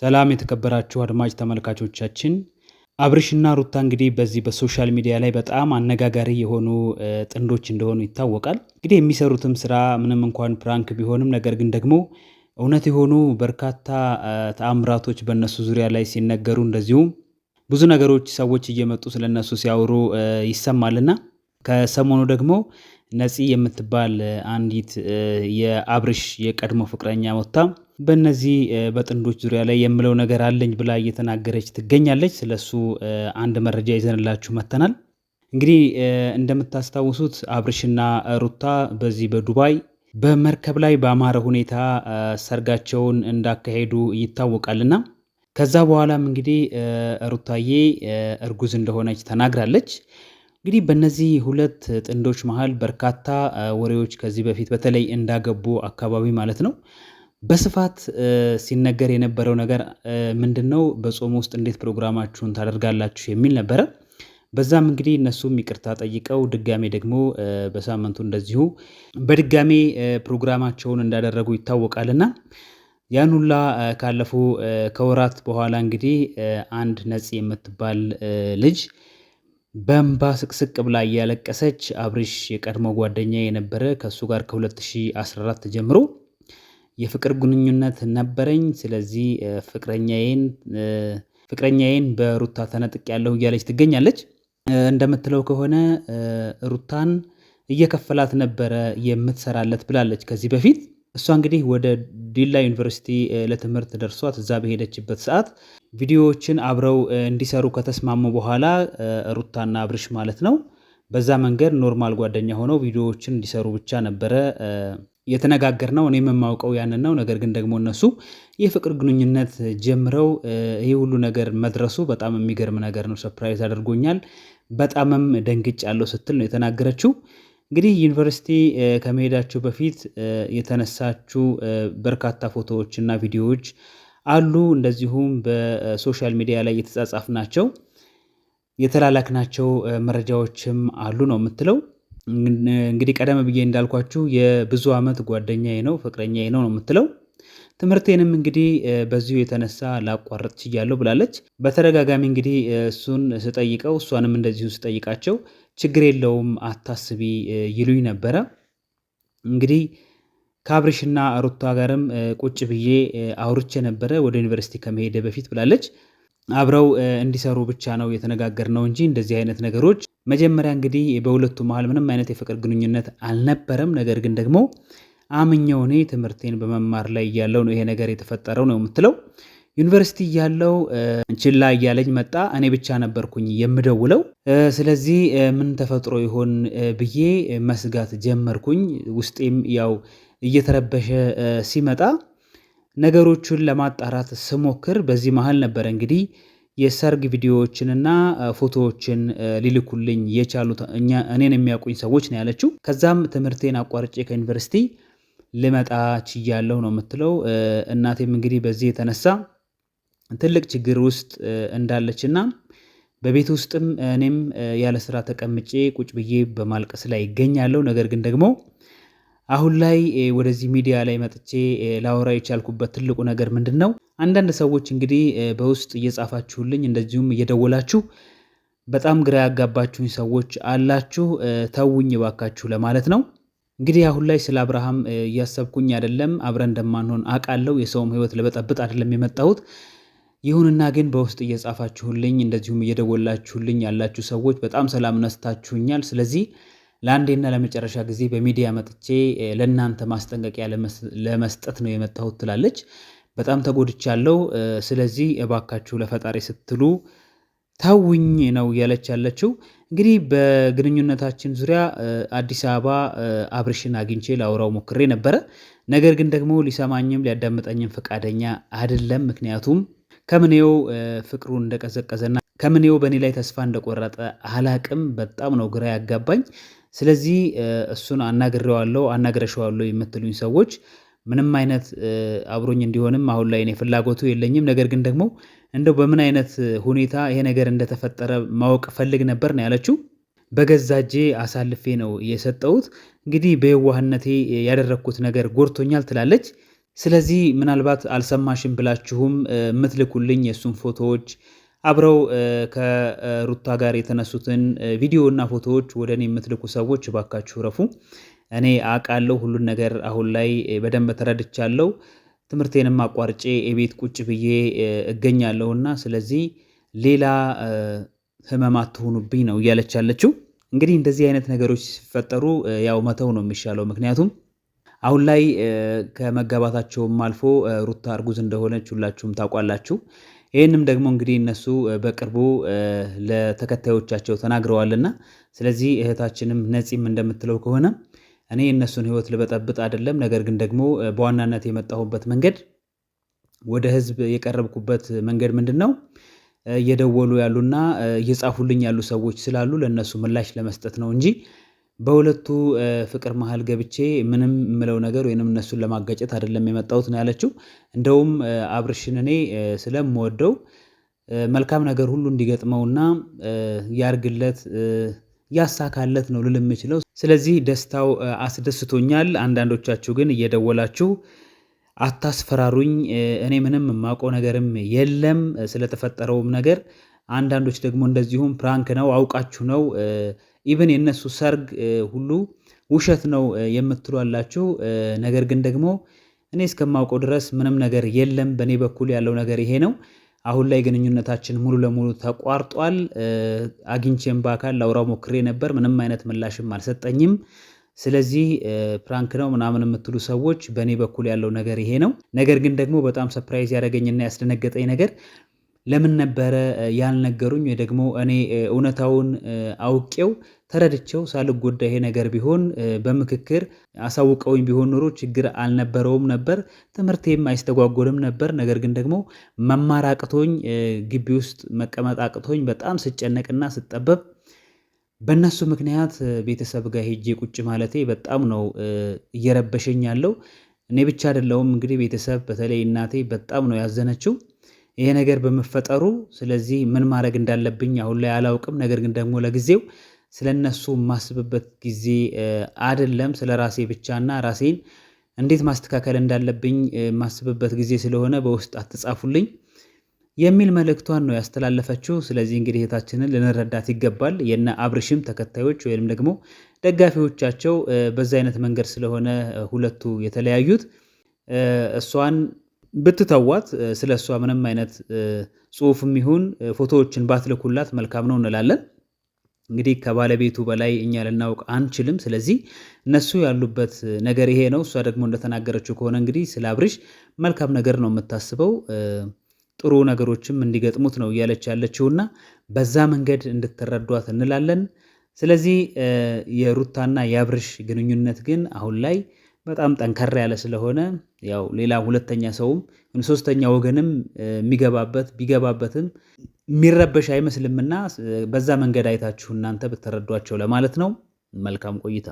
ሰላም የተከበራችሁ አድማጭ ተመልካቾቻችን አብርሽና ሩታ እንግዲህ በዚህ በሶሻል ሚዲያ ላይ በጣም አነጋጋሪ የሆኑ ጥንዶች እንደሆኑ ይታወቃል። እንግዲህ የሚሰሩትም ስራ ምንም እንኳን ፕራንክ ቢሆንም ነገር ግን ደግሞ እውነት የሆኑ በርካታ ተአምራቶች በእነሱ ዙሪያ ላይ ሲነገሩ፣ እንደዚሁም ብዙ ነገሮች ሰዎች እየመጡ ስለነሱ ሲያወሩ ይሰማልና ከሰሞኑ ደግሞ ነፂ የምትባል አንዲት የአብርሽ የቀድሞ ፍቅረኛ ወጥታ በእነዚህ በጥንዶች ዙሪያ ላይ የምለው ነገር አለኝ ብላ እየተናገረች ትገኛለች። ስለሱ አንድ መረጃ ይዘንላችሁ መጥተናል። እንግዲህ እንደምታስታውሱት አብርሽና ሩታ በዚህ በዱባይ በመርከብ ላይ በአማረ ሁኔታ ሰርጋቸውን እንዳካሄዱ ይታወቃልና ከዛ በኋላም እንግዲህ ሩታዬ እርጉዝ እንደሆነች ተናግራለች። እንግዲህ በእነዚህ ሁለት ጥንዶች መሃል በርካታ ወሬዎች ከዚህ በፊት በተለይ እንዳገቡ አካባቢ ማለት ነው በስፋት ሲነገር የነበረው ነገር ምንድነው? በጾም ውስጥ እንዴት ፕሮግራማችሁን ታደርጋላችሁ የሚል ነበረ። በዛም እንግዲህ እነሱም ይቅርታ ጠይቀው ድጋሜ ደግሞ በሳምንቱ እንደዚሁ በድጋሜ ፕሮግራማቸውን እንዳደረጉ ይታወቃልና ያን ሁላ ካለፉ ከወራት በኋላ እንግዲህ አንድ ነፂ የምትባል ልጅ በእንባ ስቅስቅ ብላ እያለቀሰች አብርሽ የቀድሞ ጓደኛ የነበረ ከእሱ ጋር ከ2014 ጀምሮ የፍቅር ግንኙነት ነበረኝ ስለዚህ ፍቅረኛዬን ፍቅረኛዬን በሩታ ያለው እያለች ትገኛለች። እንደምትለው ከሆነ ሩታን እየከፈላት ነበረ የምትሰራለት ብላለች ከዚህ በፊት እሷ እንግዲህ ወደ ዲላ ዩኒቨርሲቲ ለትምህርት ደርሷት እዛ በሄደችበት ሰዓት ቪዲዮዎችን አብረው እንዲሰሩ ከተስማሙ በኋላ ሩታና አብርሽ ማለት ነው። በዛ መንገድ ኖርማል ጓደኛ ሆነው ቪዲዮዎችን እንዲሰሩ ብቻ ነበረ የተነጋገር ነው። እኔ የማውቀው ያንን ነው። ነገር ግን ደግሞ እነሱ የፍቅር ግንኙነት ጀምረው ይህ ሁሉ ነገር መድረሱ በጣም የሚገርም ነገር ነው። ሰፕራይዝ አድርጎኛል። በጣምም ደንግጭ ያለው ስትል ነው የተናገረችው። እንግዲህ ዩኒቨርሲቲ ከመሄዳችሁ በፊት የተነሳችሁ በርካታ ፎቶዎች እና ቪዲዮዎች አሉ። እንደዚሁም በሶሻል ሚዲያ ላይ የተጻጻፍ ናቸው የተላላክናቸው መረጃዎችም አሉ ነው የምትለው እንግዲህ ቀደም ብዬ እንዳልኳችሁ የብዙ ዓመት ጓደኛዬ ነው ፍቅረኛዬ ነው ነው የምትለው። ትምህርቴንም እንግዲህ በዚሁ የተነሳ ላቋረጥ ችያለሁ ብላለች። በተደጋጋሚ እንግዲህ እሱን ስጠይቀው እሷንም እንደዚሁ ስጠይቃቸው ችግር የለውም አታስቢ ይሉኝ ነበረ። እንግዲህ ከአብርሽና ሩታ ጋርም ቁጭ ብዬ አውርቼ ነበረ ወደ ዩኒቨርሲቲ ከመሄደ በፊት ብላለች። አብረው እንዲሰሩ ብቻ ነው የተነጋገር ነው እንጂ እንደዚህ አይነት ነገሮች መጀመሪያ እንግዲህ በሁለቱ መሀል ምንም አይነት የፍቅር ግንኙነት አልነበረም። ነገር ግን ደግሞ አምኛው እኔ ትምህርቴን በመማር ላይ እያለው ነው ይሄ ነገር የተፈጠረው ነው የምትለው። ዩኒቨርሲቲ እያለው ችላ እያለኝ መጣ። እኔ ብቻ ነበርኩኝ የምደውለው። ስለዚህ ምን ተፈጥሮ ይሆን ብዬ መስጋት ጀመርኩኝ። ውስጤም ያው እየተረበሸ ሲመጣ ነገሮቹን ለማጣራት ስሞክር በዚህ መሀል ነበረ እንግዲህ የሰርግ ቪዲዮዎችንና ፎቶዎችን ሊልኩልኝ የቻሉት እኔን የሚያውቁኝ ሰዎች ነው ያለችው። ከዛም ትምህርቴን አቋርጬ ከዩኒቨርሲቲ ልመጣ ችያለሁ ነው የምትለው። እናቴም እንግዲህ በዚህ የተነሳ ትልቅ ችግር ውስጥ እንዳለችና በቤት ውስጥም እኔም ያለ ስራ ተቀምጬ ቁጭ ብዬ በማልቀስ ላይ ይገኛለሁ። ነገር ግን ደግሞ አሁን ላይ ወደዚህ ሚዲያ ላይ መጥቼ ላወራ የቻልኩበት ትልቁ ነገር ምንድን ነው? አንዳንድ ሰዎች እንግዲህ በውስጥ እየጻፋችሁልኝ እንደዚሁም እየደወላችሁ በጣም ግራ ያጋባችሁኝ ሰዎች አላችሁ፣ ተውኝ ባካችሁ ለማለት ነው። እንግዲህ አሁን ላይ ስለ አብርሃም እያሰብኩኝ አይደለም፣ አብረን እንደማንሆን አውቃለሁ። የሰውም ሕይወት ለበጠብጥ አይደለም የመጣሁት። ይሁንና ግን በውስጥ እየጻፋችሁልኝ እንደዚሁም እየደወላችሁልኝ ያላችሁ ሰዎች በጣም ሰላም ነስታችሁኛል። ስለዚህ ለአንዴና ለመጨረሻ ጊዜ በሚዲያ መጥቼ ለእናንተ ማስጠንቀቂያ ለመስጠት ነው የመጣሁት ትላለች። በጣም ተጎድቻለሁ። ስለዚህ እባካችሁ ለፈጣሪ ስትሉ ታውኝ ነው እያለች ያለችው። እንግዲህ በግንኙነታችን ዙሪያ አዲስ አበባ አብርሽን አግኝቼ ላውራው ሞክሬ ነበረ። ነገር ግን ደግሞ ሊሰማኝም ሊያዳምጠኝም ፈቃደኛ አይደለም። ምክንያቱም ከምኔው ፍቅሩ እንደቀዘቀዘና ከምኔው በእኔ ላይ ተስፋ እንደቆረጠ አላቅም። በጣም ነው ግራ ያጋባኝ። ስለዚህ እሱን አናግሬዋለሁ አናግረሸዋለሁ የምትሉኝ ሰዎች ምንም አይነት አብሮኝ እንዲሆንም አሁን ላይ እኔ ፍላጎቱ የለኝም። ነገር ግን ደግሞ እንደው በምን አይነት ሁኔታ ይሄ ነገር እንደተፈጠረ ማወቅ ፈልግ ነበር ነው ያለችው። በገዛ እጄ አሳልፌ ነው የሰጠሁት። እንግዲህ በየዋህነቴ ያደረግኩት ነገር ጎድቶኛል ትላለች። ስለዚህ ምናልባት አልሰማሽም ብላችሁም የምትልኩልኝ የእሱን ፎቶዎች አብረው ከሩታ ጋር የተነሱትን ቪዲዮ እና ፎቶዎች ወደ እኔ የምትልኩ ሰዎች እባካችሁ ረፉ። እኔ አውቃለሁ ሁሉን ነገር አሁን ላይ በደንብ ተረድቻለሁ። ትምህርቴንም አቋርጬ የቤት ቁጭ ብዬ እና ስለዚህ ሌላ ህመም አትሆኑብኝ ነው እያለች ያለችው። እንግዲህ እንደዚህ አይነት ነገሮች ሲፈጠሩ ያው መተው ነው የሚሻለው። ምክንያቱም አሁን ላይ ከመጋባታቸውም አልፎ ሩታ እርጉዝ እንደሆነች ሁላችሁም ታውቋላችሁ። ይህንም ደግሞ እንግዲህ እነሱ በቅርቡ ለተከታዮቻቸው ተናግረዋልና ስለዚህ እህታችንም ነፂም እንደምትለው ከሆነ እኔ የእነሱን ህይወት ልበጠብጥ አይደለም። ነገር ግን ደግሞ በዋናነት የመጣሁበት መንገድ ወደ ህዝብ የቀረብኩበት መንገድ ምንድን ነው? እየደወሉ ያሉና እየጻፉልኝ ያሉ ሰዎች ስላሉ ለእነሱ ምላሽ ለመስጠት ነው እንጂ በሁለቱ ፍቅር መሀል ገብቼ ምንም የምለው ነገር ወይንም እነሱን ለማጋጨት አይደለም የመጣሁት ነው ያለችው። እንደውም አብርሽን እኔ ስለምወደው መልካም ነገር ሁሉ እንዲገጥመውና ያርግለት ያሳካለት ነው ልል የምችለው። ስለዚህ ደስታው አስደስቶኛል። አንዳንዶቻችሁ ግን እየደወላችሁ አታስፈራሩኝ፣ እኔ ምንም የማውቀው ነገርም የለም ስለተፈጠረውም ነገር አንዳንዶች ደግሞ እንደዚሁም ፕራንክ ነው አውቃችሁ ነው ኢቨን የእነሱ ሰርግ ሁሉ ውሸት ነው የምትሏላችሁ ነገር ግን ደግሞ እኔ እስከማውቀው ድረስ ምንም ነገር የለም። በእኔ በኩል ያለው ነገር ይሄ ነው። አሁን ላይ ግንኙነታችን ሙሉ ለሙሉ ተቋርጧል። አግኝቼም በአካል ላውራው ሞክሬ ነበር። ምንም አይነት ምላሽም አልሰጠኝም። ስለዚህ ፕራንክ ነው ምናምን የምትሉ ሰዎች በእኔ በኩል ያለው ነገር ይሄ ነው። ነገር ግን ደግሞ በጣም ሰፕራይዝ ያደረገኝና ያስደነገጠኝ ነገር ለምን ነበረ ያልነገሩኝ? ወይ ደግሞ እኔ እውነታውን አውቄው ተረድቼው ሳልጎዳ ይሄ ነገር ቢሆን በምክክር አሳውቀውኝ ቢሆን ኖሮ ችግር አልነበረውም ነበር፣ ትምህርቴም አይስተጓጎልም ነበር። ነገር ግን ደግሞ መማር አቅቶኝ ግቢ ውስጥ መቀመጥ አቅቶኝ በጣም ስጨነቅና ስጠበብ በእነሱ ምክንያት ቤተሰብ ጋር ሄጄ ቁጭ ማለቴ በጣም ነው እየረበሸኝ ያለው። እኔ ብቻ አይደለሁም እንግዲህ ቤተሰብ በተለይ እናቴ በጣም ነው ያዘነችው። ይሄ ነገር በመፈጠሩ ስለዚህ ምን ማድረግ እንዳለብኝ አሁን ላይ አላውቅም። ነገር ግን ደግሞ ለጊዜው ስለነሱ የማስብበት ጊዜ አይደለም። ስለ ራሴ ብቻና ራሴን እንዴት ማስተካከል እንዳለብኝ የማስብበት ጊዜ ስለሆነ በውስጥ አትጻፉልኝ የሚል መልእክቷን ነው ያስተላለፈችው። ስለዚህ እንግዲህ እህታችንን ልንረዳት ይገባል። የነ አብርሽም ተከታዮች ወይም ደግሞ ደጋፊዎቻቸው በዛ አይነት መንገድ ስለሆነ ሁለቱ የተለያዩት እሷን ብትተዋት ስለ እሷ ምንም አይነት ጽሁፍ የሚሆን ፎቶዎችን ባትልኩላት መልካም ነው እንላለን። እንግዲህ ከባለቤቱ በላይ እኛ ልናውቅ አንችልም። ስለዚህ እነሱ ያሉበት ነገር ይሄ ነው። እሷ ደግሞ እንደተናገረችው ከሆነ እንግዲህ ስለ አብርሽ መልካም ነገር ነው የምታስበው፣ ጥሩ ነገሮችም እንዲገጥሙት ነው እያለች ያለችውና በዛ መንገድ እንድትረዷት እንላለን። ስለዚህ የሩታና የአብርሽ ግንኙነት ግን አሁን ላይ በጣም ጠንከር ያለ ስለሆነ ያው ሌላ ሁለተኛ ሰውም ሶስተኛ ወገንም የሚገባበት ቢገባበትም የሚረበሽ አይመስልምና በዛ መንገድ አይታችሁ እናንተ ብትረዷቸው ለማለት ነው። መልካም ቆይታ